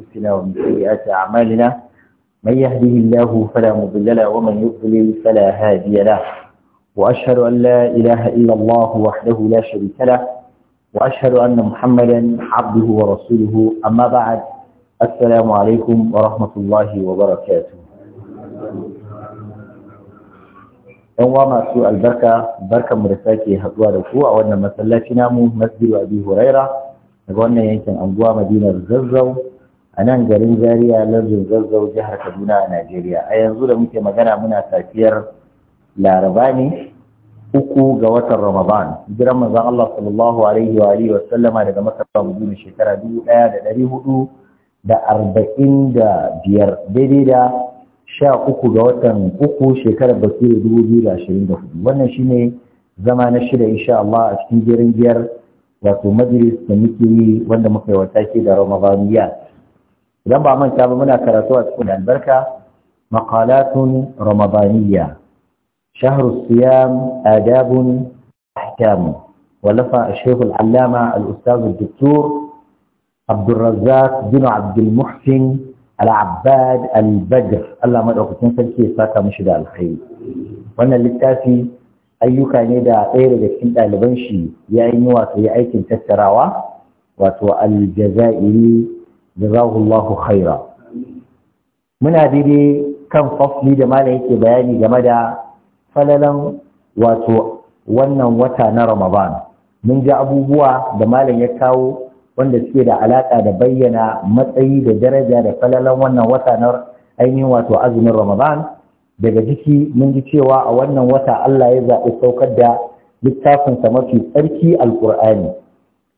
أنفسنا ومن سيئات أعمالنا من يهده الله فلا مضل له ومن يضلل فلا هادي له وأشهد أن لا إله إلا الله وحده لا شريك له وأشهد أن محمدا عبده ورسوله أما بعد السلام عليكم ورحمة الله وبركاته أنواع سوء البركة بركة da sake haduwa da مسلاتنا مسجد أبي هريرة namu masjidu أنواع مدينة الزرزو a nan garin Zaria lardin zazzau jihar Kaduna a Najeriya a yanzu da muke magana muna safiyar Laraba ne uku ga watan Ramadan jiran manzon Allah sallallahu alaihi wa alihi wa sallama daga Makka zuwa Madina shekara biyar daidai da sha uku ga watan uku shekarar basiru dubu biyu da ashirin da hudu wannan shine zama na shida insha Allah a cikin jerin biyar wato majalis da muke yi wanda muka yi wata ke da yas idan ba manta ba muna karatu a cikin albarka maqalatun ramadaniya shahru siyam adabun ahkam walafa ash-shaykh al-allama al-ustadh ad-doktor Abdul Razzaq bin Abdul Muhsin Al-Abbad Al-Badr Allah madaukakin sarki ya saka mishi da alkhairi wannan littafi ayyuka ne da ɗaya daga cikin ɗaliban shi ya yi wato ya aikin tattarawa wato al-Jazairi jazahullahu khaira muna daidai kan fasli da malam yake bayani game da falalan wato wannan wata na ramadan mun ji abubuwa da malam ya kawo wanda suke da alaƙa da bayyana matsayi da daraja da falalan wannan wata na ainihin wato azumin ramadan daga jiki mun ji cewa a wannan wata allah ya zaɓi saukar da littafinsa mafi tsarki alƙur'ani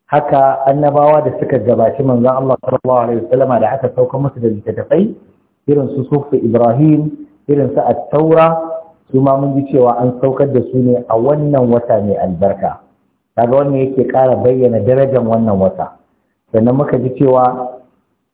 haka annabawa da suka gabaci manzon Allah sallallahu alaihi wasallam da aka sauka musu da littattafai irin su sufi Ibrahim irin su at-Taura su ma mun ji cewa an saukar da su ne a wannan wata mai albarka kaga wannan yake ƙara bayyana darajar wannan wata sannan muka ji cewa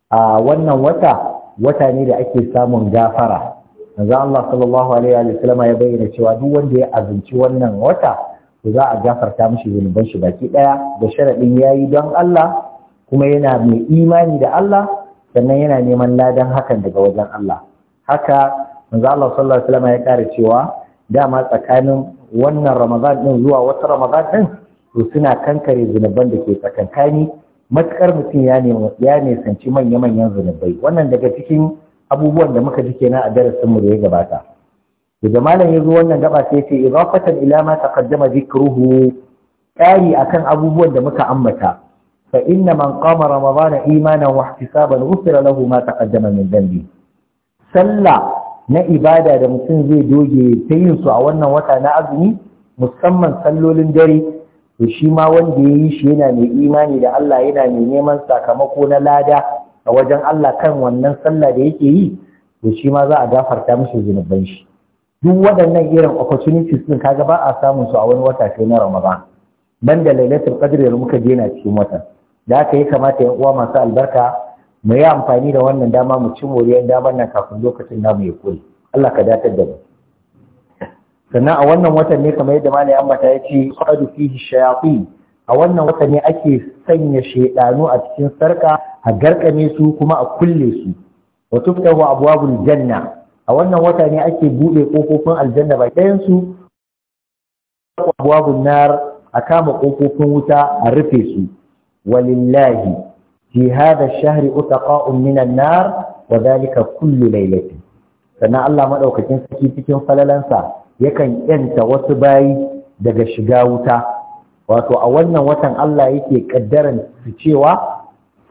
a wannan wata wata ne da ake samun gafara manzo Allah sallallahu alaihi wa ya bayyana cewa duk wanda ya azunci wannan wata to za a gafarta mishi zunuban shi baki ɗaya da sharaɗin yayi don Allah kuma yana mai imani da Allah sannan yana neman ladan hakan daga wajen Allah haka manzo Allah sallallahu alaihi wasallam ya kare cewa dama tsakanin wannan Ramadan din zuwa wata Ramadan din to suna kankare zunuban da ke tsakankani matukar mutum ya ne ya nisanci manya-manyan zunubai wannan daga cikin abubuwan da muka ji kenan a darasin mu da ya gabata da malam yazo wannan gaba sai ce idafatan ila ma taqaddama dhikruhu kari akan abubuwan da muka ambata fa inna man qama ramadana imanan wa ihtisaban ghufira lahu ma taqaddama min dhanbi sallah na ibada da mutum zai doge ta yin su a wannan wata na azumi musamman sallolin dare to shi ma wanda ya yi shi yana mai imani da Allah yana mai neman sakamako na lada a wajen Allah kan wannan sallah da yake yi to shi ma za a gafarta mishi zunuban shi duk waɗannan irin opportunities din kaga ba a samun su a wani wata sai na Ramadan ban da lailatul qadr da muka gina cikin watan da aka yi kamata yan uwa masu albarka mu yi amfani da wannan dama mu ci moriyar damar nan kafin lokacin namu ya kure Allah ka datar da mu sannan a wannan watan ne kamar yadda malai amma ya ce qadu fihi shayatin a wannan watan ne ake sanya shaidanu a cikin sarka a garkame su kuma a kulle su wa tuftahu abwabul janna a wannan wata ne ake buɗe ƙofofin aljanna ba ɗayan su abwabun nar a kama ƙofofin wuta a rufe su walillahi fi hadha ash-shahri utaqa'un minan nar wa dhalika kullu laylatin sannan Allah madaukakin sarki cikin falalansa yakan yanta wasu bayi daga shiga wuta wato a wannan watan Allah yake kaddaran su cewa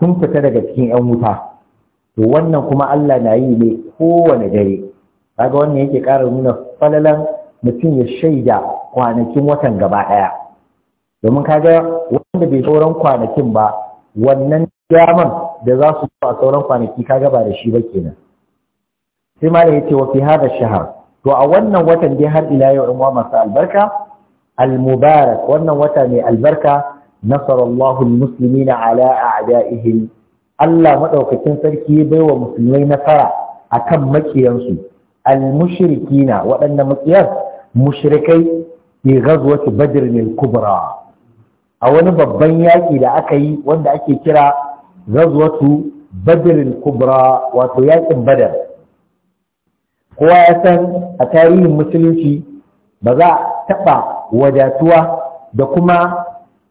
sun fita daga cikin 'yan wuta to wannan kuma Allah na yi ne kowane dare kaga wannan yake ƙara nuna falalan mutum ya shaida kwanakin watan gaba ɗaya domin kaga wanda bai sauran kwanakin ba wannan daman da za su a sauran kwanaki kaga ba da shi ba kenan sai malam yace wa fi hada shahar to a wannan watan dai har ila yau in masu albarka al-mubarak wannan wata mai albarka nasarallahu al-muslimina ala a'da'ihim Allah madaukakin sarki baiwa musulmai nasara akan makiyansu al-mushrikina waɗanda matsiyar mushrikai ke ghazwati badr al-kubra a wani babban yaƙi da aka yi wanda ake kira ghazwatu badr al-kubra wato yaƙin badar kowa ya san a tarihin musulunci ba za a taɓa wadatuwa da kuma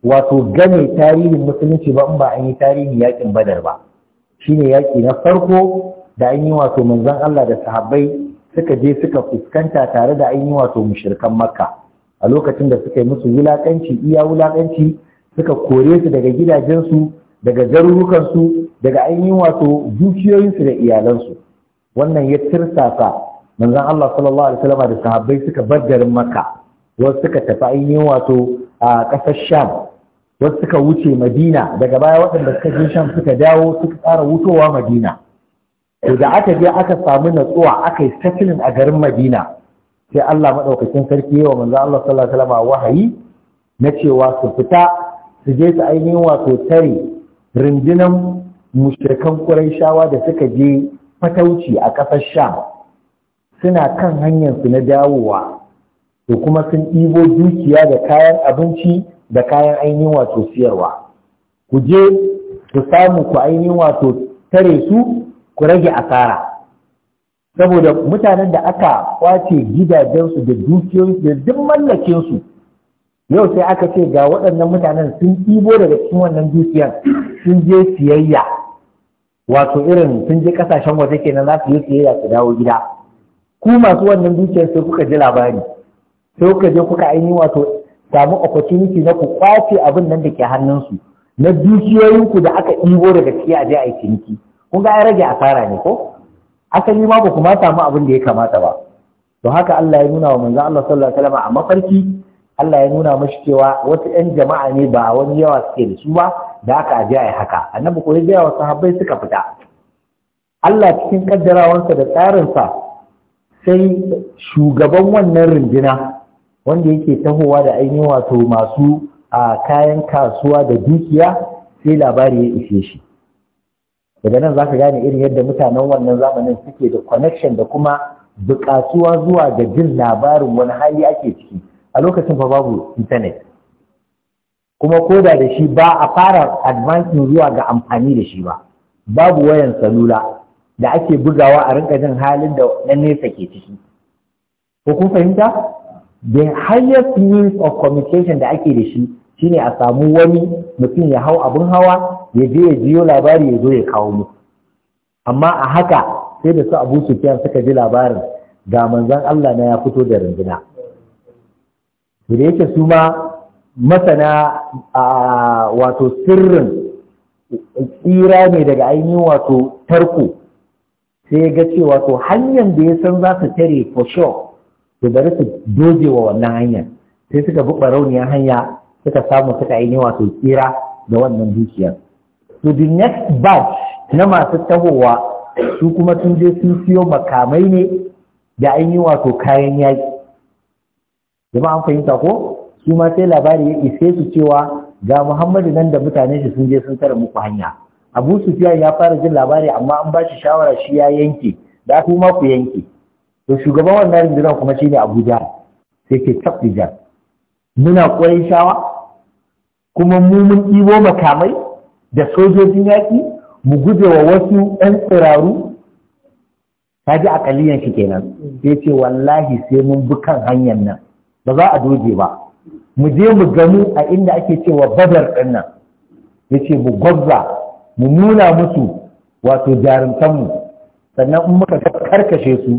wato gane tarihin musulunci ba in ba an yi tarihin yaƙin badar ba shine yaƙi na farko da an yi wato manzon Allah da sahabbai suka je suka fuskanta tare da ainihin wato mushrikan makka a lokacin da suka yi musu wulakanci iya wulakanci suka kore su daga gidajensu daga garurukansu daga ainihin wato dukiyoyinsu da iyalansu wannan ya tirsasa manzon Allah sallallahu alaihi wasallam da sahabbai suka bar garin makka wasu suka tafi ainihin wato a ƙasar sham wasu suka wuce madina daga baya waɗanda suka je sham suka dawo suka ƙara wutowa madina to da aka je aka samu natsuwa aka yi settling a garin Madina sai Allah madaukakin sarki yawa manzo Allah sallallahu alaihi wasallam wahayi na cewa su fita su je su ainihin wato tare rundunan mushrikan Qurayshawa da suka je fatauci a ƙasar Sham suna kan hanyar su na dawowa to kuma sun ɗibo dukiya da kayan abinci da kayan ainihin wato siyarwa ku je ku samu ku ainihin wato tare su ku rage asara saboda mutanen da aka kwace gidajensu da dukiyoyinsu da duk mallakinsu yau sai aka ce ga waɗannan mutanen sun ɗibo daga cikin wannan dukiyar sun je siyayya wato irin sun je ƙasashen waje kenan za su yi siyayya su dawo gida ku masu wannan dukiyar sai kuka ji labari sai kuka je kuka ainihin wato samu opportunity na ku kwace abin nan da ke hannunsu na dukiyoyinku da aka ɗibo daga ciki a je a yi ciniki kun ga ya rage asara ne ko asali ma ba kuma samu abin da ya kamata ba to haka Allah ya nuna wa manzo Allah sallallahu alaihi wasallam a mafarki Allah ya nuna mashi cewa wasu ƴan jama'a ne ba wani yawa suke da su ba da haka a ji haka annabi ko ya ga wasu sahabbai suka fita Allah cikin kaddarawansa da tsarinsa sai shugaban wannan rundina wanda yake tahowa da ainihin wato masu a kayan kasuwa da dukiya sai labari ya ishe shi daga nan za ka gane irin yadda mutanen wannan zamanin suke da connection da kuma buƙatuwa zuwa ga jin labarin wani hali ake ciki a lokacin fa babu internet kuma ko da da shi ba a fara advancing zuwa ga amfani da shi ba babu wayan salula da ake bugawa a rinka jin halin da na nesa ke ciki ko kun fahimta the highest means of communication da ake da shi shine a samu wani mutum ya hau abin hawa ya je ya jiyo labari ya zo ya kawo mu amma a haka sai da su abu sufiyan suka ji labarin ga manzan Allah na ya fito da runduna da yake su ma masana a wato sirrin tsira ne daga ainihin wato tarko sai ya ga cewa to hanyar da ya san za su tare for sure to bari su doje wa wannan hanyar sai suka bi barauniyar hanya suka samu suka ainihin wato tsira da wannan dukiyar to the next batch na masu tahowa su kuma sun je sun siyo makamai ne da an yi wato kayan yaƙi jama'a an fahimta ko su ma sai labari ya isa su cewa ga muhammadu nan da mutane shi sun je sun tara muku hanya abu sufiyan ya fara jin labari amma an ba shi shawara shi ya yanke da kuma ku yanke to shugaban wannan rundunar kuma shi ne abuja sai ke jan muna ƙwarin shawa kuma mu mun ɗibo makamai da sojojin yaƙi mu guje wa wasu 'yan tsiraru ta ji a shi kenan sai ce wallahi sai mun bi kan hanyar nan ba za a doge ba mu je mu gani a inda ake cewa babar ɗin nan ya ce mu gwabza mu nuna musu wato jarumtanmu sannan in muka karkashe su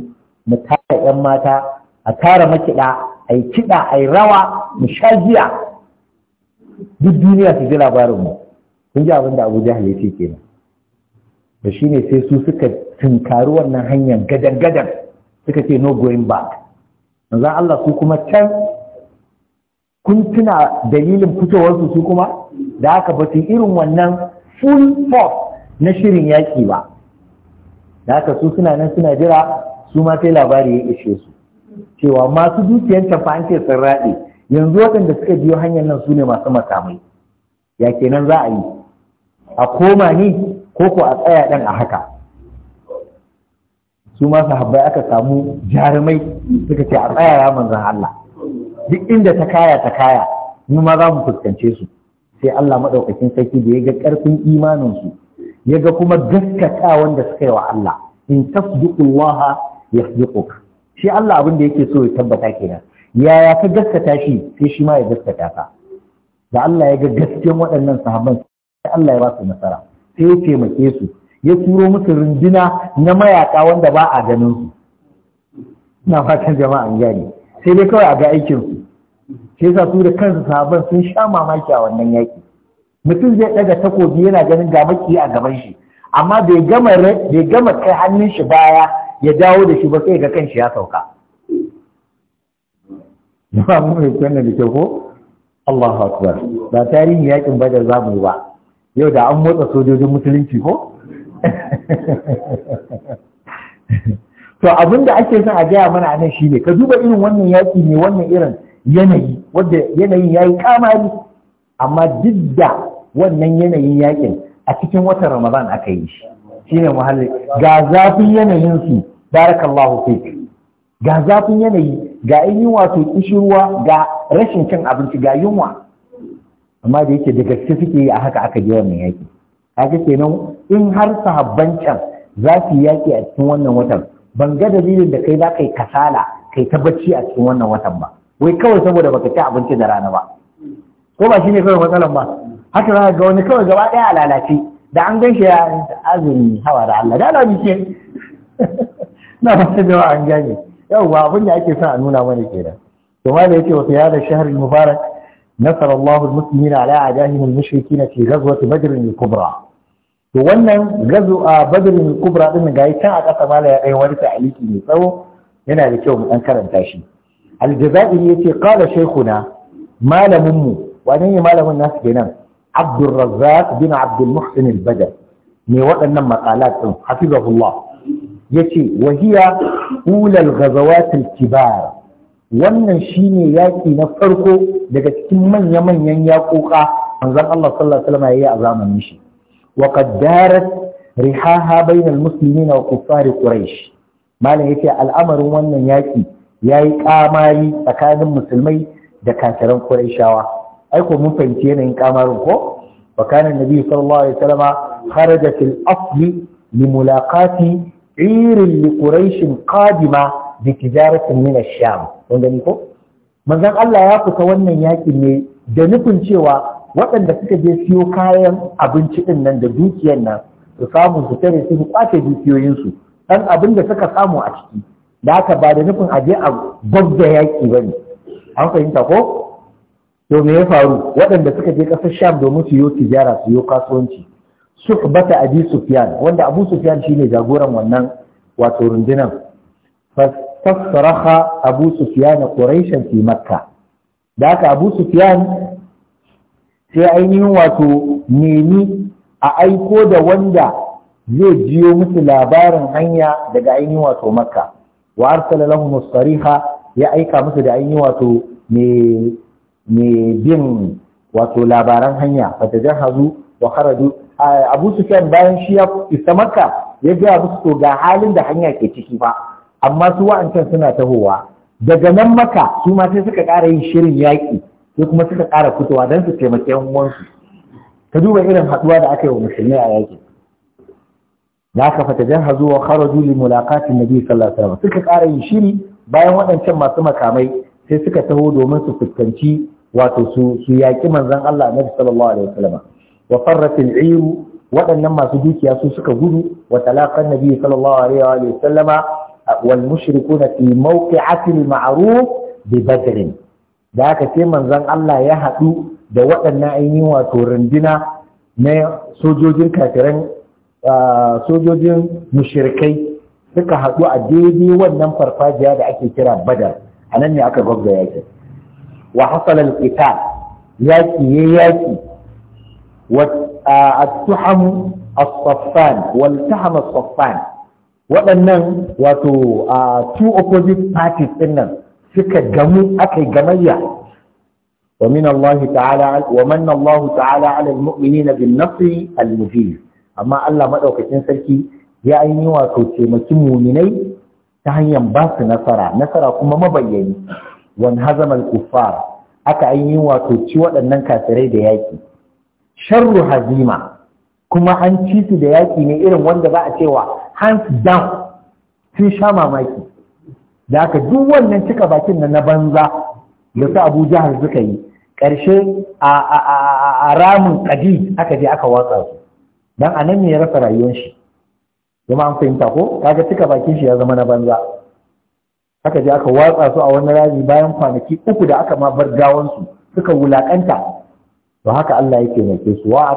mu tara 'yan mata a tara makiɗa a yi kiɗa a yi rawa mu sha jiya. duk duniya su ji labarinmu kun ji abin da abu jahal ya ce kenan da shi ne sai su suka tunkari wannan hanyar gadan-gadan suka ce no going back za Allah su kuma can kun tuna dalilin fitowarsu su kuma da aka ba irin wannan full force na shirin yaƙi ba da aka su suna nan suna jira su ma sai labari ya ishe su cewa masu dukiyar tafa an ce sun raɗe yanzu waɗanda suka biyo hanyar nan su ne masu makamai ya kenan za a yi a koma ni ko ko a tsaya ɗan a haka su ma sahabbai aka samu jarumai suka ce a tsaya ya manzan Allah duk inda ta kaya ta kaya mu ma za mu fuskance su sai Allah maɗaukakin sarki da ya ga ƙarfin imaninsu ya ga kuma gaskata wanda suka yi wa Allah in tasdiqullaha yasdiquk shi Allah abin da yake so ya tabbata kenan yaya ka gaskata shi sai shi ma ya gaskata ka da Allah ya ga gaskiyan waɗannan sahabban sai Allah ya ba su nasara sai ya taimake su ya turo musu runduna na mayaka wanda ba a ganin su ina fatan jama'a an gane sai dai kawai a ga aikin su sai sa su da kansu sabon sun sha mamaki a wannan yaki mutum zai daga takobi yana ganin ga maki a gaban shi amma bai gama bai gama kai hannun shi baya ya dawo da shi ba sai ga kanshi ya sauka ba mu mai kwanne da ke ko Allahu akbar ba tarihin yakin badar zamu yi ba yau da an motsa sojojin musulunci ko to abin da ake son a gaya mana nan shi ne ka duba irin wannan yaƙi ne wannan irin yanayi wadda yanayin ya yi kamari amma duk da wannan yanayin yaƙin a cikin watan ramadan aka yi shi shi ne muhalli ga zafin yanayin su barakallahu fi ga zafin yanayi ga yin wato kishirwa ga rashin cin abinci ga yunwa amma da yake da gaske suke yi a haka aka je wannan yaki ga kenan in har sahabban can za su yi yaki a cikin wannan watan ban ga dalilin da kai za ka yi kasala kai ta bacci a cikin wannan watan ba wai kawai saboda baka ci abinci da rana ba ko ba shine kawai matsalan ba haka za ga wani kawai gaba ɗaya a lalace da an gan ya azumi hawa da Allah da Allah ce na ba ta an gane yau ba abin da ake son a nuna mana kenan to ma da yake wa ya da mubarak nasara Allah al-muslimin ala a'dahihim al-mushrikin fi ghazwati to wannan ghazwa badr kubra din ga yi can a ƙasa mala ya dai wani ta'aliki mai tsawo yana da kyau mu dan karanta shi al-jazairi yace qala shaykhuna malaminmu mu wani ne malamin nasu kenan Abdul bin Abdulmuhsin Muhsin al-Badr ne waɗannan maqalat ɗin hafizahullah ce wahiya ulal ghazawat al-kibar wannan shine yaƙi na farko daga cikin manya-manyan yaƙoƙa manzon Allah sallallahu alaihi wasallam yayi a zamanin shi wa qad darat rihaha bainal muslimina wa kufari quraish malam yace al'amarin wannan yaƙi yayi kamari tsakanin musulmai da kafiran quraishawa ai ko mun fahimci yanayin kamarin ko wa kana nabi sallallahu alaihi wasallam kharaja fil asli limulaqati عير لقريش قادمة بتجارة kun gani ko manzon Allah ya fita wannan yakin ne da nufin cewa waɗanda suka je siyo kayan abinci din nan da dukiyan nan su samu su tare su kwace dukiyoyinsu ɗan abin da suka samu a ciki da aka ba da nufin aje a gwabda yaƙi ba ne an fahimta ko to me ya faru waɗanda suka je ƙasar sham domin su yi tijara su yi kasuwanci bata abi sufyan wanda abu sufyan shine jagoran wannan wato rundunan fasaraha abu sufyan quraishan fi makka da haka abu sufyan sai ainihin wato nemi a aiko da wanda zai jiyo musu labarin hanya daga ainihin wato makka wa arsala lahum sariha ya aika musu da ainihin wato me me bin wato labaran hanya fatajahazu wa kharaju Abu Sufyan bayan shi ya isa Makka ya ga musu to ga halin da hanya ke ciki ba. amma su wa'ancan suna tahowa daga nan maka su ma sai suka ƙara yin shirin yaƙi sai kuma suka ƙara fitowa don su taimaki yan uwansu ta duba irin haɗuwa da aka yi wa musulmi a yaƙi na ka fata jan hazo wa kharaju li mulaqatin nabi sallallahu alaihi wasallam suka ƙara yin shiri bayan waɗancan masu makamai sai suka taho domin su fuskanci wato su su yaƙi manzon Allah nabi sallallahu alaihi wasallam wa farratil iru waɗannan masu dukiya su suka gudu wa talaqan nabi sallallahu alaihi wasallama wal mushrikuna fi mawqi'atil ma'ruf bi da haka sai manzon Allah ya haɗu da waɗannan ainihin wato rundina na sojojin kafiran sojojin mushrikai suka haɗu a daidai wannan farfajiya da ake kira badar a nan ne aka gwabza yakin wa hasala al-qital yaki ya yaƙi. wa at-tuham as-saffan wal taham as-saffan waɗannan wato a two opposite parties ɗin suka gamu aka yi gamayya wa min Allah ta'ala wa manna Allah ta'ala 'ala nasri al-mubin amma Allah madaukakin sarki ya yi wato taimaki muminai ta hanyar ba su nasara nasara kuma mabayyani Wani hazama al-kuffar aka yi wato ci waɗannan kafirai da yaƙi? sharru hazima kuma an ci su da yaƙi ne irin wanda ba a cewa hands down sun sha mamaki da aka duk wannan cika bakin nan na banza da su abu jihar suka yi ƙarshe a ramin ƙadi aka je aka watsa su don a nan ne ya rasa rayuwar shi zama an fahimta ko kaga cika bakin shi ya zama na banza aka je aka watsa su a wani rami bayan kwanaki uku da aka ma bar gawansu suka wulaƙanta to haka Allah yake mai su wa a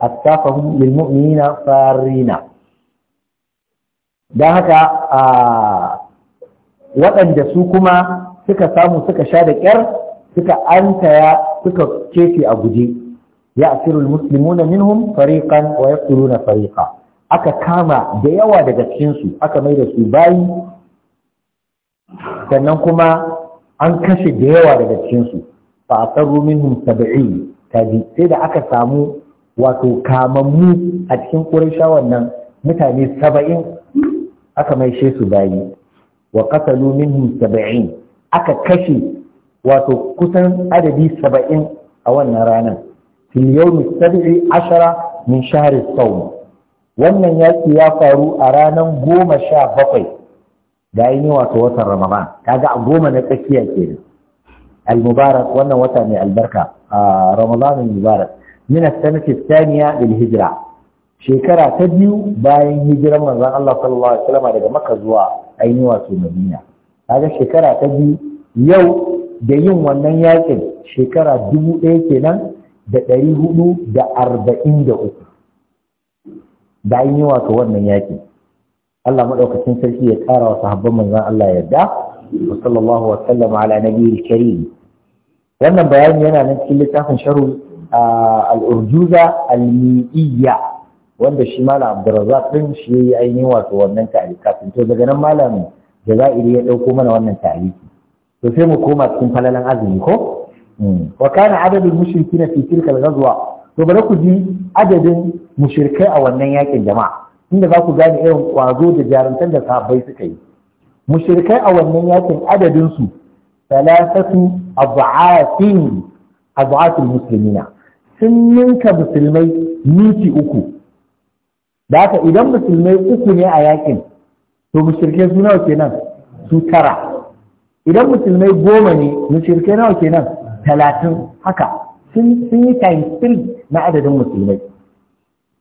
Asafa lil mu'minina farina dan haka a waɗanda su kuma suka samu suka sha da ƙyar suka antaya suka kece a guje ya asirul muslimuna minhum fariqan wa yaqtuluna fariqa aka kama da yawa daga cikin su aka mai da su bayi sannan kuma an kashe da yawa daga cikin su fa asarru minhum 70 kaji sai da aka samu wato kamammu a cikin ƙurashawan nan mutane saba'in aka maishe su bayi wa qatalu minhum saba'in aka kashe wato kusan adadi saba'in a wannan ranar fil yawmi sab'i ashara min shahri sawm wannan yaki ya faru a ranar goma sha bakwai da ainihin wato watan ramadan kaga a goma na tsakiya kenan al-mubarak wannan wata mai albarka a ramadan mubarak min as-sanati ath hijra shekara ta biyu bayan hijiran manzon Allah sallallahu alaihi daga Makka zuwa ainihi wato Madina kaga shekara ta biyu yau da yin wannan yaƙin, shekara dubu ɗaya kenan da ɗari hudu da arba'in da uku da an yi wato wannan yakin Allah maɗaukacin sarki ya ƙara wa sahabban manzan Allah yarda wa sallallahu wa sallam ala nabiyil karim wannan bayani yana nan cikin littafin sharhu al'urjuza al wanda shi malam abdurrazzaq din shi yayi ainihin wato wannan ta'rifin to daga nan malam jazairi ya dauko mana wannan tarihi. to sai mu koma cikin falalan azumi ko wa kana adadul mushrikina fi tilka al-ghazwa to ku ji adadin mushrikai a wannan yakin jama'a inda za ku gane irin kwazo da jarumtar da sahabbai suka yi mushrikai a wannan yakin adadin su thalathatu adha'afin adha'atul muslimina sun ninka musulmai miki uku da haka idan musulmai uku ne a yakin to mushrikai su nawa kenan su tara idan musulmai goma ne mushrikai nawa kenan talatin haka sun yi times na adadin musulmai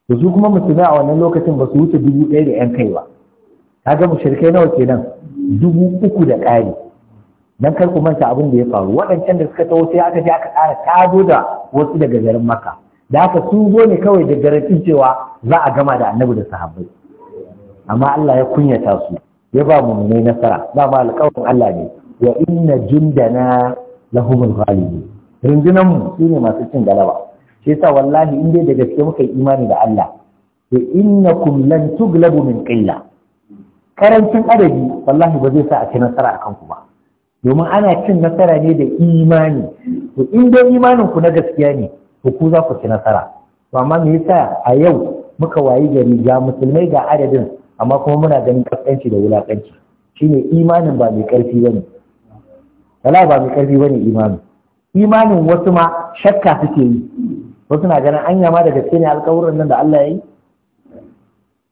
da su kuma musulmai a wannan lokacin ba su wuce dubu ɗaya da ‘yan kai ba kaga mushirikai nawa kenan dubu uku da ƙari dan kar ku manta abin da ya faru waɗancan da suka taho sai aka je aka ƙara tado da wasu daga garin Makka da aka su zo ne kawai da garantin cewa za a gama da Annabi da sahabbai amma Allah ya kunyata su ya ba mu ne nasara ba ma alƙawarin Allah ne wa inna jundana lahumul ghalibun rundunan mu shine masu cin galaba shi sa wallahi in dai da gaske muka yi imani da Allah to innakum lan tuglabu min qilla karancin adadi wallahi ba zai sa a ci nasara akan ku ba domin ana cin nasara ne da imani to in dai imanin ku na gaskiya ne to ku za ku ci nasara to amma me yasa a yau muka wayi gari ga musulmai ga adadin amma kuma muna ganin kaskanci da wulakanci shine imanin ba mai karfi bane wala ba mai karfi bane imani imanin wasu ma shakka suke yi wasu na ganin anya ma da gaske ne alƙawuran nan da Allah ya yi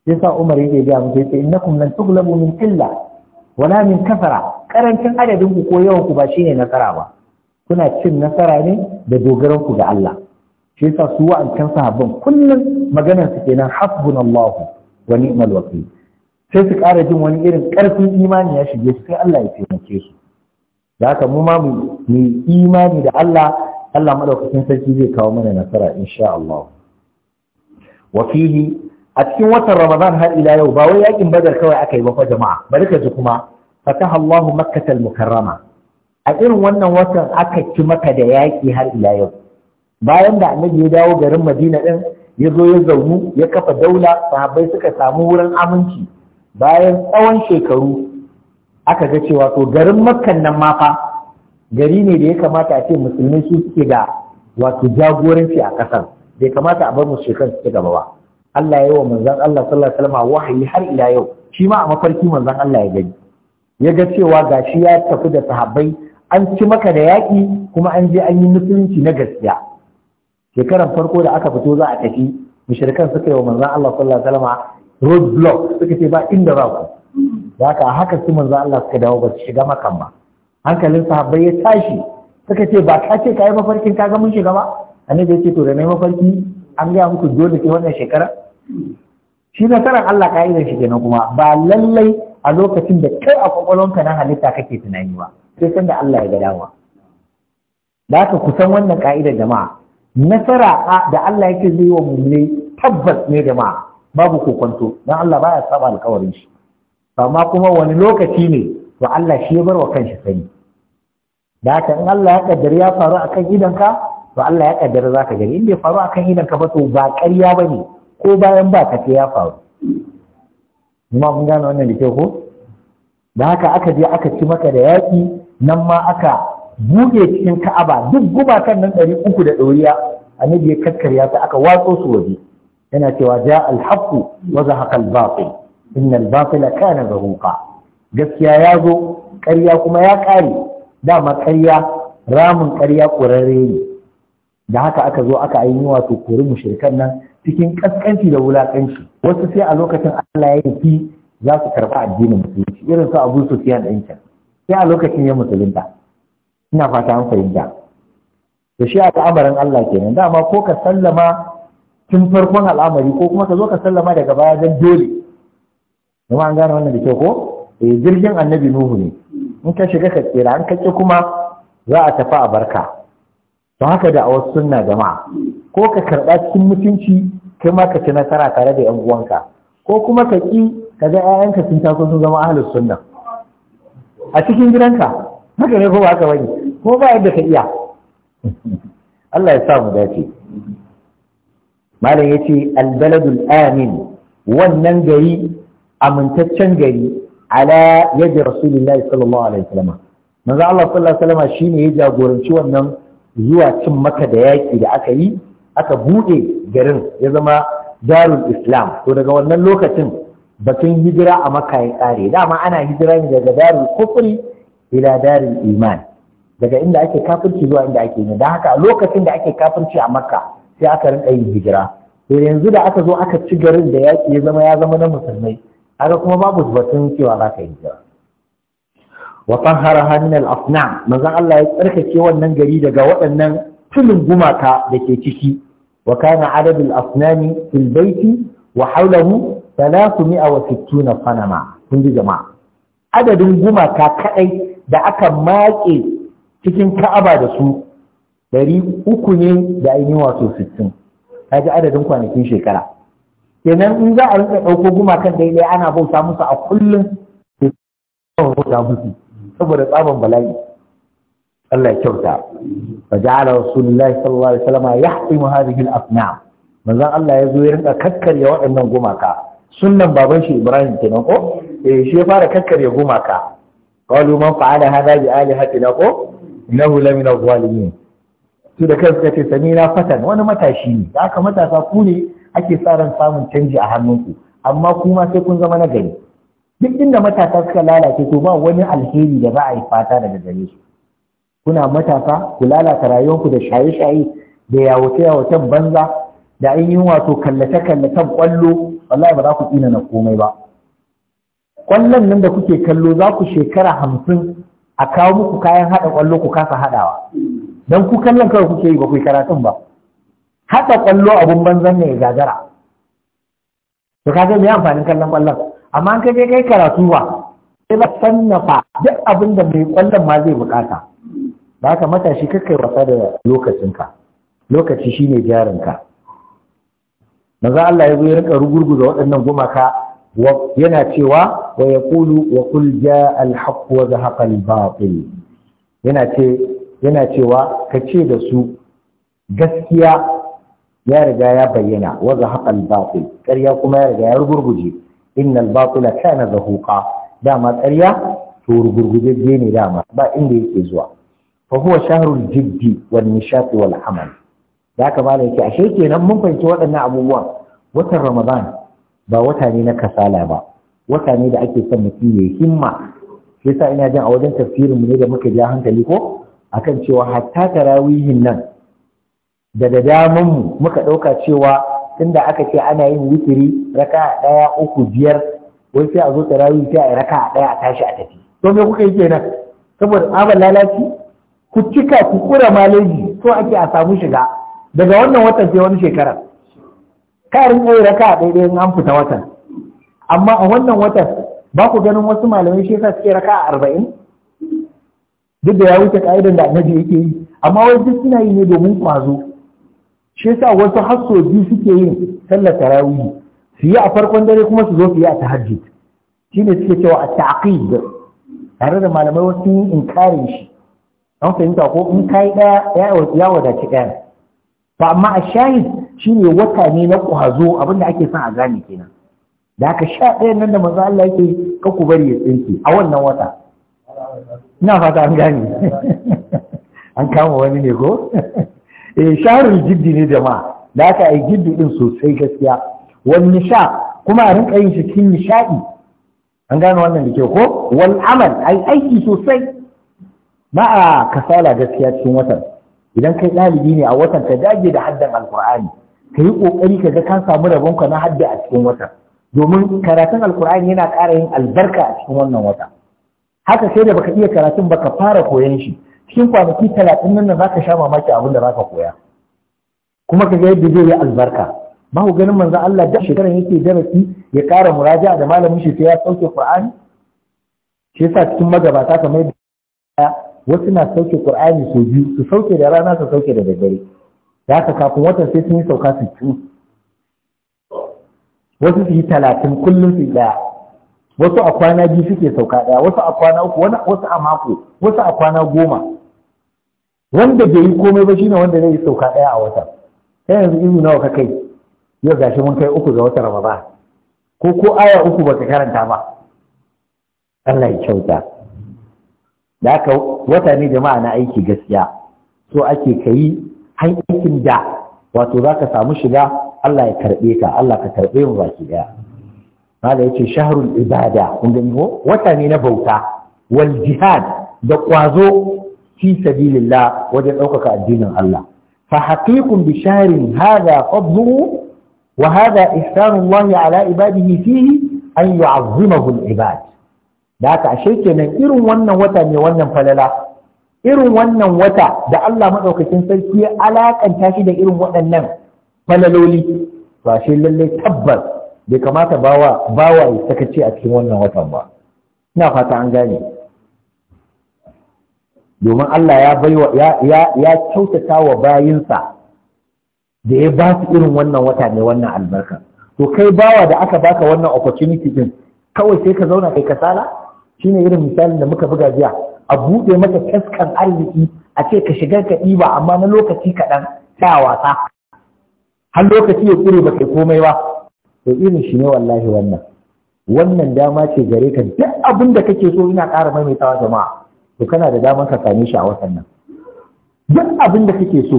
Sai sa Umar yake ga mu sai innakum lan tughlabu min illa wala min kafara karancin adadin ku ko yawan ku ba shine nasara ba kuna cin nasara ne da dogaran ku ga Allah shi yasa su wa'ancan sahabban kullum maganar su kenan hasbunallahu wa ni'mal wakil sai su ƙara jin wani irin ƙarfin imani ya shige su sai Allah ya taimake su da haka mu ma mu imani da Allah Allah madaukakin sarki zai kawo mana nasara insha Allah wa fihi a cikin watan ramadan har ila yau ba wai yakin badar kawai aka yi ba jama'a bari ka ji kuma fataha Allahu makkata al-mukarrama a irin wannan watan aka ci maka da yaki har ila yau bayan da annabi ya dawo garin madina din ya zo ya zaunu ya kafa daula sahabbai suka samu wurin aminci bayan tsawon shekaru aka ga cewa to garin makkan nan ma fa gari ne da ya kamata a ce musulmi su suke da wato jagoranci a ƙasar bai kamata a bar musu shekaru ci gaba ba Allah ya yi wa manzan Allah sallallahu alaihi wasallam wahayi har ila yau shi ma a mafarki manzan Allah ya gani ya ga cewa gashi ya tafi da sahabbai an ci maka da yaƙi kuma an je an yi musulunci na gaskiya shekaran farko da aka fito za a tafi mushrikan suka yi wa manzan Allah sallallahu alaihi wasallam road block suka ce ba inda za ku haka haka su manzan Allah suka dawo ba su shiga makan ba hankalin sahabbai ya tashi suka ce ba ka ce ka yi mafarkin ka ga mun shiga ba annabi ya ce to da na mafarki an gaya muku dole ke wannan shekara shi nasarar Allah ka'idar shi kenan kuma ba lallai a lokacin da kai a kwakwalwanka na halitta kake tunani ba sai sanda Allah ya ga dama da haka kusan wannan ka'idar jama'a nasara da Allah yake zai wa mummune tabbas ne jama'a babu kokonto dan Allah baya saba alƙawarin shi amma kuma wani lokaci ne to Allah shi ya bar wa kanshi sani da haka in Allah ya kaddara ya faru akan idanka to Allah ya kaddara zaka gani in bai faru akan idanka ba to ba ƙarya bane ko bayan ba ka ya faru kuma kun gane wannan da ko da haka aka je aka ci maka da yaƙi nan ma aka buge cikin ka'aba duk gumakan nan ɗari uku da ɗoriya annabi ya kakkarya ta aka watso su waje yana cewa ja alhaqqu wa zahaqa albatil innal batila kana zahuqa gaskiya ya zo ƙarya kuma ya ƙare dama ƙarya ramin ƙarya ƙurarre ne da haka aka zo aka yi wato kori mushrikan nan cikin kaskanci da wulakanci wasu sai a lokacin Allah ya yi za su karba addinin musulunci irin su Abu Sufyan ɗin can sai a lokacin ya musulunta ina fata an fahimta da shi al'amarin Allah kenan dama ko ka sallama tun farkon al'amari ko kuma ka zo ka sallama daga baya don dole kuma an gane wannan da kyau ko eh jirgin annabi Nuhu ne in ka shiga ka tsira an kake kuma za a tafi a barka don haka da a wasu sunna jama'a ko ka karɓa cikin mutunci kai ma ka ci nasara tare da yan uwanka ko kuma ka ki ka ga ƴaƴanka sun taso sun zama ahlus sunna a cikin gidanka haka ne ko ba haka bane ko ba yadda ka iya Allah ya sa mu dace malam yace albaladul amin wannan gari amintaccen gari ala yadda rasulullahi sallallahu alaihi wasallam manzo Allah sallallahu alaihi wasallam shine ya jagoranci wannan zuwa cin maka da yaki da aka yi aka buɗe garin ya zama darul islam to daga wannan lokacin batun hijira a makka ya ƙare dama ana hijira ne daga darul kufri ila darul iman daga inda ake kafirci zuwa inda ake yi don haka a lokacin da ake kafirci a makka sai aka rinka yin hijira to yanzu da aka zo aka ci garin da yaƙi ya zama ya zama na musulmai haka kuma babu batun cewa za ka hijira wa har hannun al-asnam manzon Allah ya tsarkake wannan gari daga waɗannan tulun gumaka da ke ciki وكان عدد الأصنام في البيت وحوله 360 صنما kun ji jama'a adadin gumaka kaɗai da aka maƙe cikin ka'aba da su ɗari uku ne da ainihin wato sittin ji adadin kwanakin shekara kenan in za a rika ɗauko gumakan daidai ana bauta musu a kullum bauta musu saboda tsaban bala'i Allah ya kyauta fa ja'ala rasulullahi sallallahu alaihi wasallam yahtimu hadhihi al-asnam manzon Allah ya zo ya rinka kakkarya waɗannan gumaka sunan baban shi Ibrahim kenan ko eh shi ya fara kakkarya gumaka qalu man fa'ala hadha bi na ko innahu lamina adh-dhalimin su da kai suka ce sami na fatan wani matashi ne da aka matasa ku ne ake sa ran samun canji a hannunku amma kuma sai kun zama na gari duk inda matasa suka lalace to ba wani alheri da za a yi fata daga gare su kuna matasa ku lalata rayuwanku da shaye-shaye da yawace-yawacen banza da an yi wato kallace-kallacen kwallo wallahi ba za ku tsina na komai ba kwallon nan da kuke kallo za ku shekara hamsin a kawo muku kayan haɗa kwallo ku kasa haɗawa don ku kallon kawai kuke yi ba ku yi karatun ba haɗa kwallo abun banzan ne ya gagara to ka zai mai amfanin kallon kwallon amma an kai kai karatu ba sai ba sannafa duk abin da mai kwallon ma zai buƙata. ba ka matashi kakai wasa da lokacinka lokaci shi ne jarinka maza Allah ya zo ya rika rugurguza waɗannan gumaka yana cewa wa Kulu wa qul ja al wa zahaqa yana ce yana cewa ka ce da su gaskiya ya riga ya bayyana wa zahaqa al ƙarya kuma ya riga ya rugurguje innal batila kana zahuqa dama ƙarya to rugurguje ne dama ba inda yake zuwa fa huwa shahrul jiddi wan nishati wal amal da ka ba yake ashe kenan mun fahimci waɗannan abubuwan. watan ramadan ba wata ne na kasala ba wata da ake son mutum ya himma shi yasa ina jin a wajen tafsirin mu ne da muka ja hankali ko A kan cewa hatta tarawihin nan da da daman mu muka ɗauka cewa tunda aka ce ana yin witiri raka ɗaya uku biyar wai sai a zo tarawih sai a raka ɗaya a tashi a tafi to me kuka yi kenan saboda tsabar lalaci ku cika ku kura maleji so ake a samu shiga daga wannan watan sai wani shekara karin ɗaya raka a ɗaya an fita watan amma a wannan watan ba ku ganin wasu malamai shi yasa suke raka a arba'in duk da ya wuce ka'idan da annabi yake yi amma wani duk suna yi ne domin kwazo shi yasa wasu hassoji suke yin sallar tarawihi su yi a farkon dare kuma su zo su yi a tahajjud ne suke cewa a taqid tare da malamai wasu yin inkarin shi an fahimta ko in kai ɗaya ya wadaci ɗaya Ba amma a shahid shine wata ne na ƙwazo abinda ake son a gane kenan da aka sha ɗaya nan da maza Allah yake kaku ku bari ya tsinke a wannan wata ina fata an gane an kama wani ne ko eh sharu jiddi ne jama'a da aka yi jiddi din sosai gaskiya wani sha kuma a rinka yin shi cikin nishaɗi an gane wannan da ke ko wal amal ai aiki sosai ba a kasala gaskiya cikin watan idan kai ɗalibi ne a watan ka dage da haddan alkur'ani ka yi ƙoƙari ka ga kan samu rabonka na haddi a cikin watan domin karatun alkur'ani yana ƙara yin albarka a cikin wannan wata haka sai da baka iya karatun ba ka fara koyan shi cikin kwanaki talatin nan za ka sha mamaki abin da za ka koya kuma ka ga yadda zai yi albarka ba ku ganin Allah da shekaran yake darasi ya ƙara muraja da malamin shi sai ya sauke Qur'ani shi yasa cikin magabata kamar yadda wasu na sauke ƙur'ani sau biyu su sauke da rana su sauke da daddare ya ka kafin watan sai sun yi sauka su ci wasu su yi talatin kullum su ɗaya wasu a kwana biyu suke sauka ɗaya wasu a kwana uku wasu a mako wasu a kwana goma wanda bai yi komai ba shine wanda zai yi sauka ɗaya a wata sai yanzu izu nawa ka kai yau gashi mun kai uku ga wata ramadan ko ko aya uku ba ka karanta ba Allah ya kyauta da haka wata ne jama'a na aiki gaskiya so ake kayi aikin da wato za ka samu shiga Allah ya karɓe ka Allah ka karɓe mu baki ɗaya ya ce shahrul ibada kun gani ko wata ne na bauta wal jihad da ƙwazo fi sabilillah wajen ɗaukaka addinin Allah fa haqiqun bi shahrin hadha fadluhu wa hadha ihsanu ala ibadihi fihi an yu'azzimahu al ibad da haka ashe kenan irin wannan wata ne wannan falala irin wannan wata da Allah madaukakin sarki ya alakanta shi da irin waɗannan falaloli to ashe lalle tabbas bai kamata bawa bawa ya sakaci a cikin wannan watan ba ina fata an gane domin Allah ya baiwa ya ya kyautata wa bayinsa da ya ba su irin wannan wata ne wannan albarka to kai bawa da aka baka wannan opportunity din kawai sai ka zauna kai kasala Shi ne irin misalin da muka buga jiya a buɗe masa taskan arziki a ce ka shiga ka ɗiba amma na lokaci kaɗan ta wasa har lokaci ya tsire ba kai komai ba to irin shi ne wallahi wannan wannan dama ce gare ka duk abin da kake so ina ƙara maimaitawa jama'a to kana da damar ka same shi a watan nan duk abin da kake so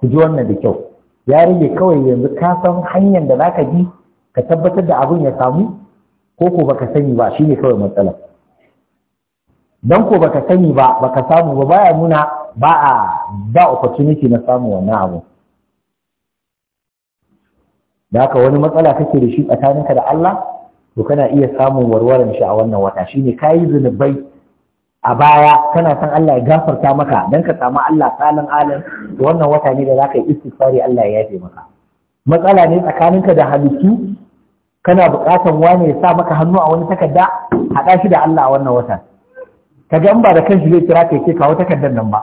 ku ji wannan da kyau ya rage kawai yanzu ka san hanyar da zaka bi ka tabbatar da abin ya samu ko ko baka sani ba shine kawai matsalar don ko baka sani ba baka samu ba baya nuna ba a ba opportunity na samu wannan abu da haka wani matsala kake da shi tsakaninka da Allah to kana iya samun warwaran shi a wannan wata shine kai zunubai a baya kana san Allah ya gafarta maka dan ka samu Allah salan alam wannan wata ne da zaka yi istighfari Allah ya yafe maka matsala ne tsakaninka da halittu kana buƙatar wani ya sa maka hannu a wani takarda haɗa shi da Allah a wannan watan kaga in ba da kanshi zai kira kai ke kawo takardar nan ba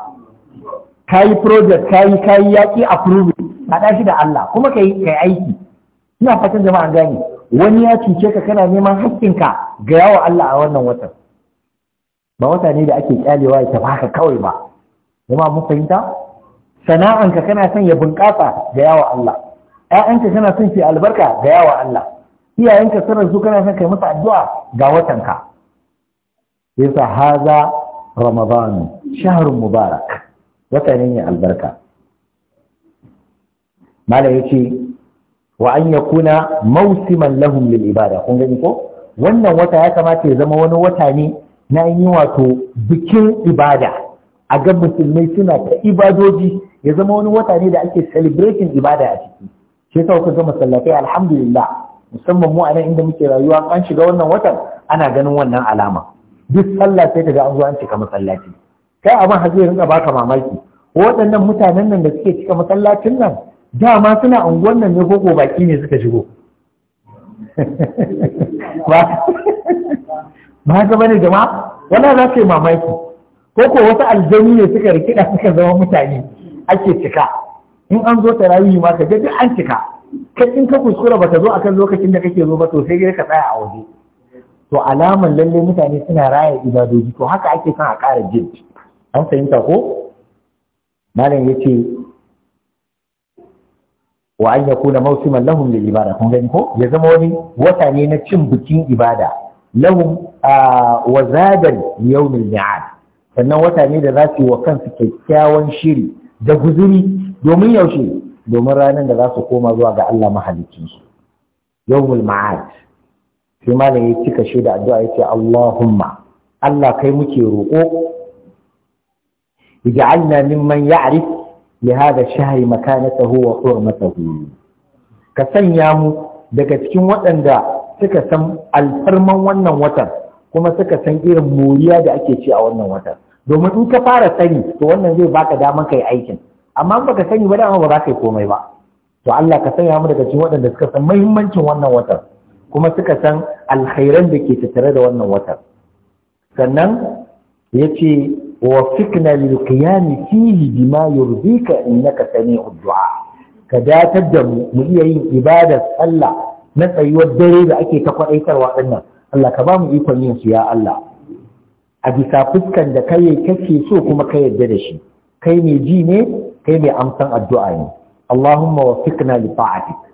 kayi project kayi kayi yaki approve A dashi da Allah kuma kai kai aiki ina fatan jama'a gani. wani ya cuce ka kana neman haƙƙinka ga yawo Allah a wannan watan ba wata ne da ake kyalewa ya tafi kawai ba kuma mun fahimta sana'anka kana son ya bunƙasa ga yawo Allah ƴaƴanka kana son ki albarka ga yawo Allah iyayenka sanar su kana son kai musu addu'a ga watan ka? yasa haza ramadan shahrun mubarak wata ne albarka mala ce wa an kuna mausiman lahum lil ibada kun gani ko wannan wata ya kamata ya zama wani wata ne na yi wato bikin ibada a ga musulmai suna ta ibadoji ya zama wani wata ne da ake celebrating ibada a ciki shi yasa kuka ga masallatai alhamdulillah musamman mu a nan inda muke rayuwa an shiga wannan watan ana ganin wannan alama duk sallah sai daga an zo an cika masallaci kai abin har ya rinka baka mamaki waɗannan mutanen nan da suke cika masallacin nan dama suna unguwan nan ne ko baki ne suka shigo ba haka bane jama'a wani za su yi mamaki ko ko wasu aljani ne suka rikida suka zama mutane ake cika in an zo rayu ma ka ga an cika kai in ka kuskura ka zo akan lokacin da kake zo ba to sai ka tsaya a waje to alaman lalle mutane suna raya ibadoji to haka ake son a ƙara jin an fahimta ko malam ya ce wa an yakuna mausiman lahum da ibada kun gani ko ya zama wani wata ne na cin bikin ibada lahum wa zadan yawmil sannan wata ne da za su yi wa kansu kyakkyawan shiri da guzuri domin yaushe domin ranar da za su koma zuwa ga Allah mahalicinsu Yau ma'ad sai malam ya cika shi da addu'a ce Allahumma Allah kai muke roƙo ij'alna mimman ya'rif li hadha shahri makanatahu wa hurmatahu ka sanya mu daga cikin waɗanda suka san alfarman wannan watan kuma suka san irin moriya da ake ci a wannan watan domin in ka fara sani to wannan zai baka daman kai aikin amma baka sani ba dama ba za ka yi komai ba to Allah ka sanya mu daga cikin waɗanda suka san muhimmancin wannan watan kuma suka san alkhairan da ke tattare da wannan watan sannan ya ce wa fikna lil qiyami fihi bima yurdika innaka sami'ud du'a ka datar da mu mu iya yin ibadar Allah na tsayuwar dare da ake ta kwaɗaitarwa ɗin nan Allah ka ba mu ikon yin su ya Allah a bisa fuskan da kai kake so kuma ka yarda da shi kai mai ji ne kai mai amsan addu'a ne Allahumma waffiqna li ta'atik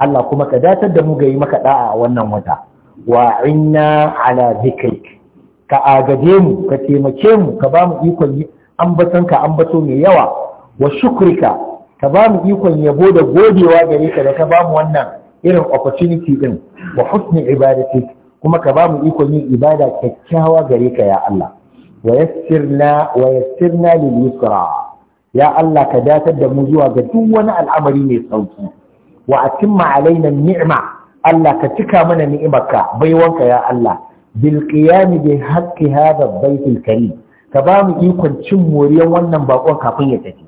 Allah kuma ka datar da mu ga yi maka da'a a wannan wata wa inna ala zikrik ka agaje mu ka taimake mu ka ba mu ikon ambaton ka ambato mai yawa wa shukrika ka ba mu ikon yabo da godewa gare ka da ka ba mu wannan irin opportunity din wa husni ibadati kuma ka ba mu ikon yin ibada kyakkyawa gare ka ya Allah wa yassirna wa yassirna lil yusra ya Allah ka datar da mu zuwa ga duk wani al'amari mai sauki wa atimma alaina ni'ma Allah ka cika mana ni'imarka baiwanka ya Allah bil qiyam bi haqqi hadha baitul karim ka ba mu ikon cin moriyar wannan bakon kafin ya tafi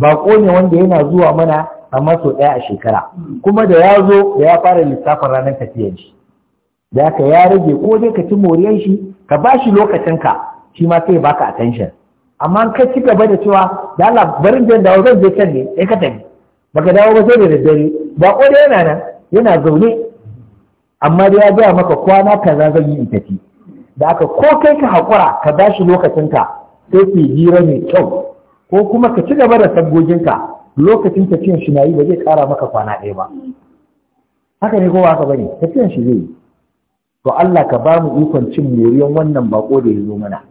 bako ne wanda yana zuwa mana amma sau ɗaya a shekara kuma da ya zo da ya fara lissafin ranar tafiyar shi da ka ya rage ko dai ka ci moriyar shi ka ba shi lokacinka shi ma sai baka attention amma ka ci gaba da cewa da barin da dawo zan je can ne sai ka tafi baka dawo ba sai da daddare ba ko da yana nan yana zaune amma dai ya gaya maka kwana kaza zan yi tafi da aka ko kai ka haƙura ka bashi lokacinka sai ku hira mai kyau ko kuma ka ci gaba da sabgoginka lokacin tafiyan shi na yi ba zai ƙara maka kwana ɗaya ba haka ne kowa haka bane tafiyan shi zai yi to Allah ka ba mu ikon cin moriyan wannan bako da ya zo mana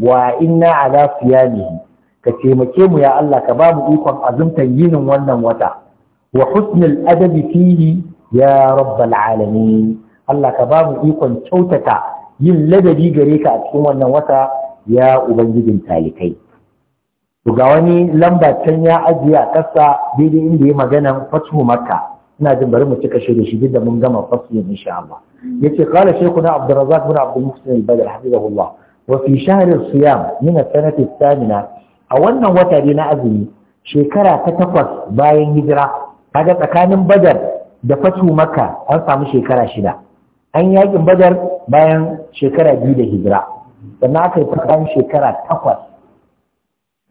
wa inna ala siyamihi ka taimake mu ya Allah ka ba mu ikon azumtan yinin wannan wata wa husnul adabi fihi ya rabbal alamin Allah ka ba mu ikon kyautata yin ladabi gare ka a cikin wannan wata ya ubangijin talikai ga wani lamba can ya ajiye a ƙasa daidai inda ya maganan fatu makka ina jin bari mu cika shirye shi da mun gama fasilin insha Allah yace qala shaykhuna abdurrazzaq bin abdul muhsin al-badr hafizahullah wa fi shahr siyam min as-sanati ath-thamina a wannan wata ne na azumi shekara ta takwas bayan hijira kaga tsakanin badar da fatu maka an samu shekara shida an yakin badar bayan shekara biyu da hijira sannan aka yi bayan shekara takwas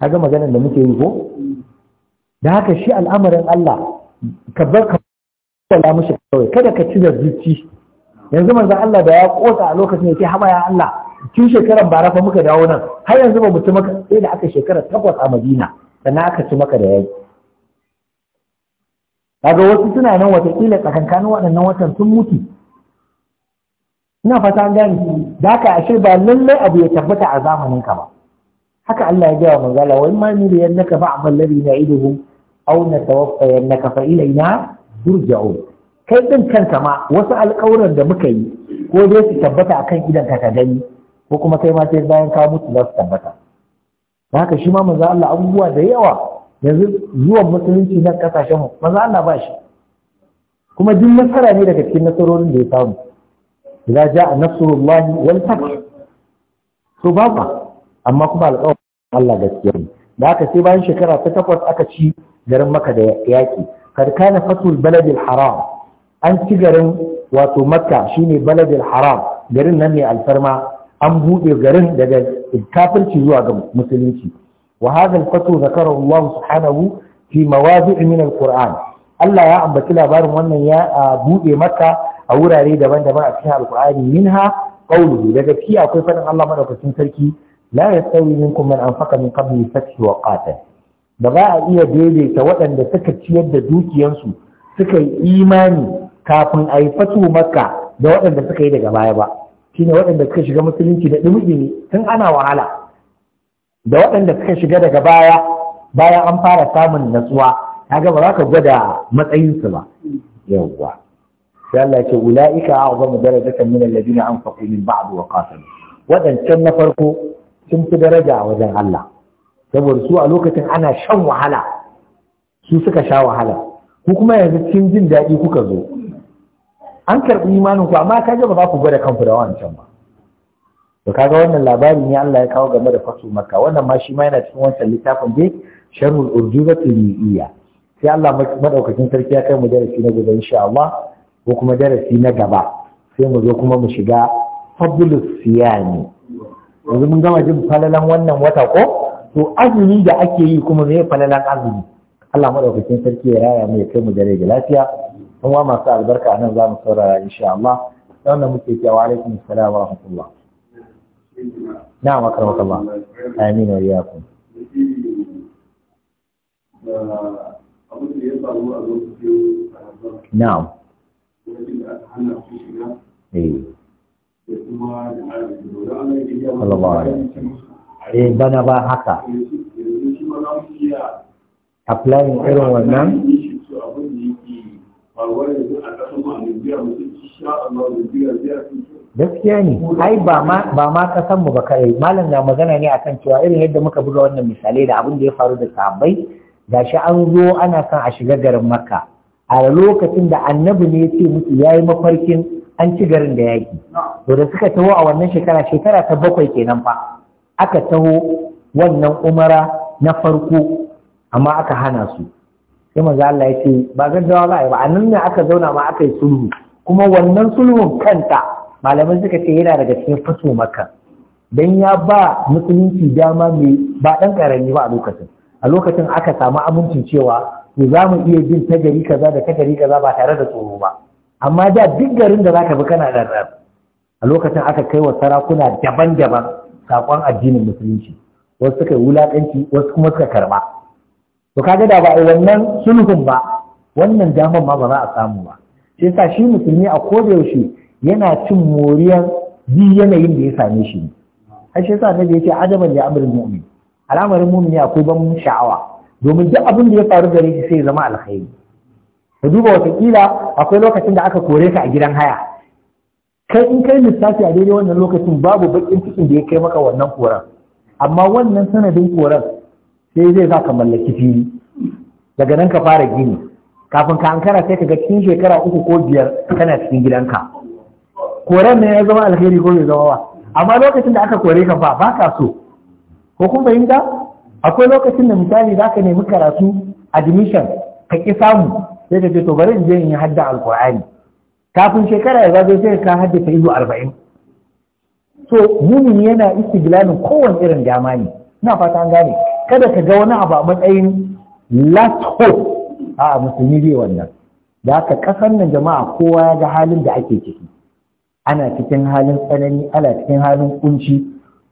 kaga maganar da muke yi ko da haka shi al'amarin Allah ka bar ka wala mushi kawai kada ka ci da zuci yanzu manzon Allah da ya kosa a lokacin da yake haba ya Allah tun shekarar bara fa muka dawo nan har yanzu ba mu ci maka sai da aka shekarar takwas a madina sannan aka ci maka da yayi kaga wasu suna nan watakila tsakankanin waɗannan watan sun mutu ina fata an gane da ka ashe ba lallai abu ya tabbata a zamanin ka ba haka Allah ya gaya manzala wai ma ni da yannaka na amal ladhi na'iduhu aw natawaffa yannaka fa ilaina turja'un kai din kanka ma wasu alƙawuran da muka yi ko dai su tabbata akan idan ka ka gani ko kuma kai ma sai bayan ka mutu za su tabbata haka shi ma manzo Allah abubuwa da yawa yanzu zuwan musulunci na kasashen mu manzo Allah ba shi kuma duk nasara ne daga cikin nasarorin da ya samu idza jaa nasrullahi wal fath to baba amma kuma alƙawarin Allah gaskiya ne da haka sai bayan shekara ta takwas aka ci garin Makka da yaƙi. kad kana fatul baladil haram an ci garin wato Makka shine baladil haram garin nan ne alfarma an buɗe garin daga kafirci zuwa ga musulunci wa hadha al-fatu zakara Allah subhanahu fi mawadi' min al-Qur'an Allah ya ambaci labarin wannan ya buɗe maka a wurare daban-daban a cikin al-Qur'ani minha qawluhu daga ciki akwai fadin Allah madaukakin sarki la yastawi minkum man anfaqa min qabli fathi wa qatal da ba a iya daidaita waɗanda suka ciyar da dukiyansu suka yi imani kafin a yi fatu makka da waɗanda suka yi daga baya ba shine waɗanda suka shiga musulunci da ɗumi tun ana wahala da waɗanda suka shiga daga baya bayan an fara samun natsuwa kaga ba za ka gwada matsayinsu ba yawwa sai Allah ce ulaika a'zamu darajatan min alladhina anfaqu min ba'd wa qatalu wadancan na farko sun fi daraja a wajen Allah saboda su a lokacin ana shan wahala su suka sha wahala ku kuma yanzu cikin jin daɗi kuka zo an karɓi imanin ku amma kaga ba ku gwada kanku da wancan ba to kaga wannan labari ne Allah ya kawo game da fasu makka wannan ma shi ma yana cikin wancan littafin dai sharhul urjuzati liya sai Allah madaukakin sarki ya kai mu darasi na gaba insha Allah ko kuma darasi na gaba sai mu zo kuma mu shiga siya ne. yanzu mun gama jin falalan wannan wata ko to azumi da ake yi kuma me falalan azumi Allah madaukakin sarki ya raya mu ya kai mu dare da lafiya هو ما سأل بركة عنه ذا مصر إن شاء الله لأنه مكتب وعليكم السلام ورحمة الله نعم أكرمك الله آمين وإياكم نعم صلى الله عليه وسلم إيه بنا بقى حقا أبلاين إيرو والنام gaskiya ne ai ba ma kasan mu ba kai malam na magana ne akan cewa irin yadda muka buga wannan misalai da abin da ya faru da sahabbai shi an zo ana son a shiga garin makka a lokacin da annabi ne ya ce musu yayi mafarkin an ci garin da yaki to da suka taho a wannan shekara shekara ta bakwai kenan fa aka taho wannan umara na farko amma aka hana su sai manzo Allah ya ce ba zan gaggawa ba ba nan ne aka zauna ma aka yi sulhu kuma wannan sulhun kanta malamai suka ce yana daga cikin faso maka dan ya ba musulunci dama mai ba dan karami ba a lokacin a lokacin aka samu amincin cewa to za mu iya bin ta gari kaza da ta gari kaza ba tare da tsoro ba amma da duk garin da zaka bi kana da a lokacin aka kai wa sarakuna daban-daban sakon addinin musulunci wasu suka yi wulakanci wasu kuma suka karba to kaga da ba a wannan sulhun ba wannan damar ma ba za a samu ba shi yasa shi musulmi a yaushe yana cin moriyar bi yanayin da ya same shi har shi yasa da yake ajaban da amrul mu'min al'amarin mu'min akwai ban sha'awa domin duk abin da ya faru gare shi sai ya zama alkhairi ka duba watakila akwai lokacin da aka kore ka a gidan haya kai in kai lissafi a daidai wannan lokacin babu bakin cikin da ya kai maka wannan koran amma wannan sanadin koran sai zai sa ka mallaki fili daga nan ka fara gini kafin ka ankara sai ka ga cikin shekara uku ko biyar kana cikin gidanka koren ne ya zama alheri ko ya zama ba amma lokacin da aka kore ka fa ba ka so ko kun fahimta akwai lokacin da misali za ka nemi karatu admission ka ki samu sai ka ce to bari in je in yi hadda alkur'ani kafin shekara ya zabe sai ka ta izu arba'in so mumin yana istiglalin kowane irin dama ne ina fata an gane kada ka ga wani abu a matsayin last hope a musulmi bai wannan da haka ƙasar nan jama'a kowa ya ga halin da ake ciki ana cikin halin tsanani ana cikin halin kunci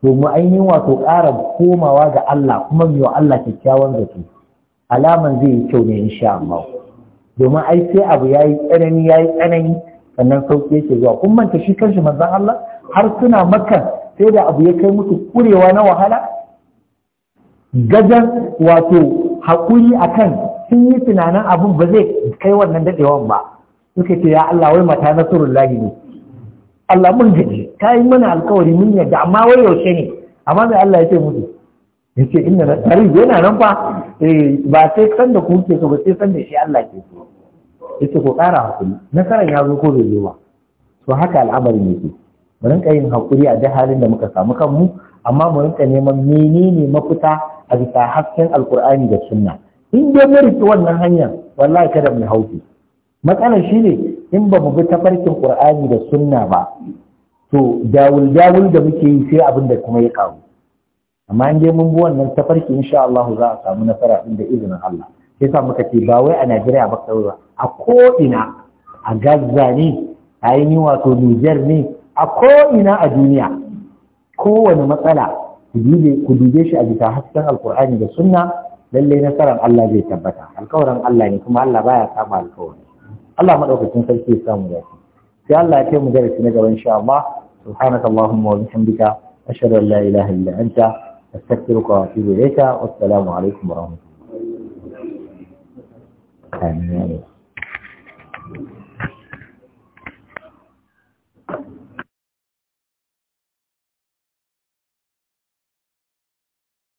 domin ainihin wato ƙara komawa ga Allah kuma mu Allah kyakkyawan zato alaman zai yi kyau ne insha Allah domin ai sai abu yayi tsanani yayi tsanani sannan sauki yake zuwa kun manta shi kanshi manzon Allah har suna maka sai da abu ya kai musu ƙurewa na wahala gajan wato haƙuri akan sun yi tunanin abin ba zai kai wannan daɗewan ba suka ce ya Allah wai mata lahi ne Allah mun gaji ta yi mana alkawari mun yadda amma wai yaushe ne amma mai Allah ya ce mutu. ya ce inda na tsari yana nan fa eh, ba sai san da kuke so ba sai san da shi Allah ke so ya ce ko ƙara hakuri nasarar ya zo ko bai zo ba to haka al'amarin yake mu rinka yin hakuri a duk halin da muka samu kanmu amma mu rinka neman menene mafita a bisa hasken alkur'ani da sunna in dai mun riƙe wannan hanyar wallahi kada mu hauki matsalar shine in ba mu bi tafarkin qur'ani da sunna ba to dawul dawul da muke yi sai abin da kuma ya karu amma in dai mun bi wannan tafarki insha Allah za a samu nasara din da izinin Allah sai sa muka ce ba wai a Najeriya ba kawai ba a ko ina a Gaza ne a yi wato Niger ne a ko ina a duniya kowane matsala ku dube shi a bisa hasken alkur'ani da sunna lalle nasarar Allah zai tabbata alkawarin Allah ne kuma Allah baya saba alkawari Allah madaukakin sarki ya samu dace sai Allah ya kai mu darasi na gaban insha Allah subhanaka allahumma wa bihamdika ashhadu an la ilaha illa anta astaghfiruka wa atubu ilayka wassalamu alaikum wa rahmatullahi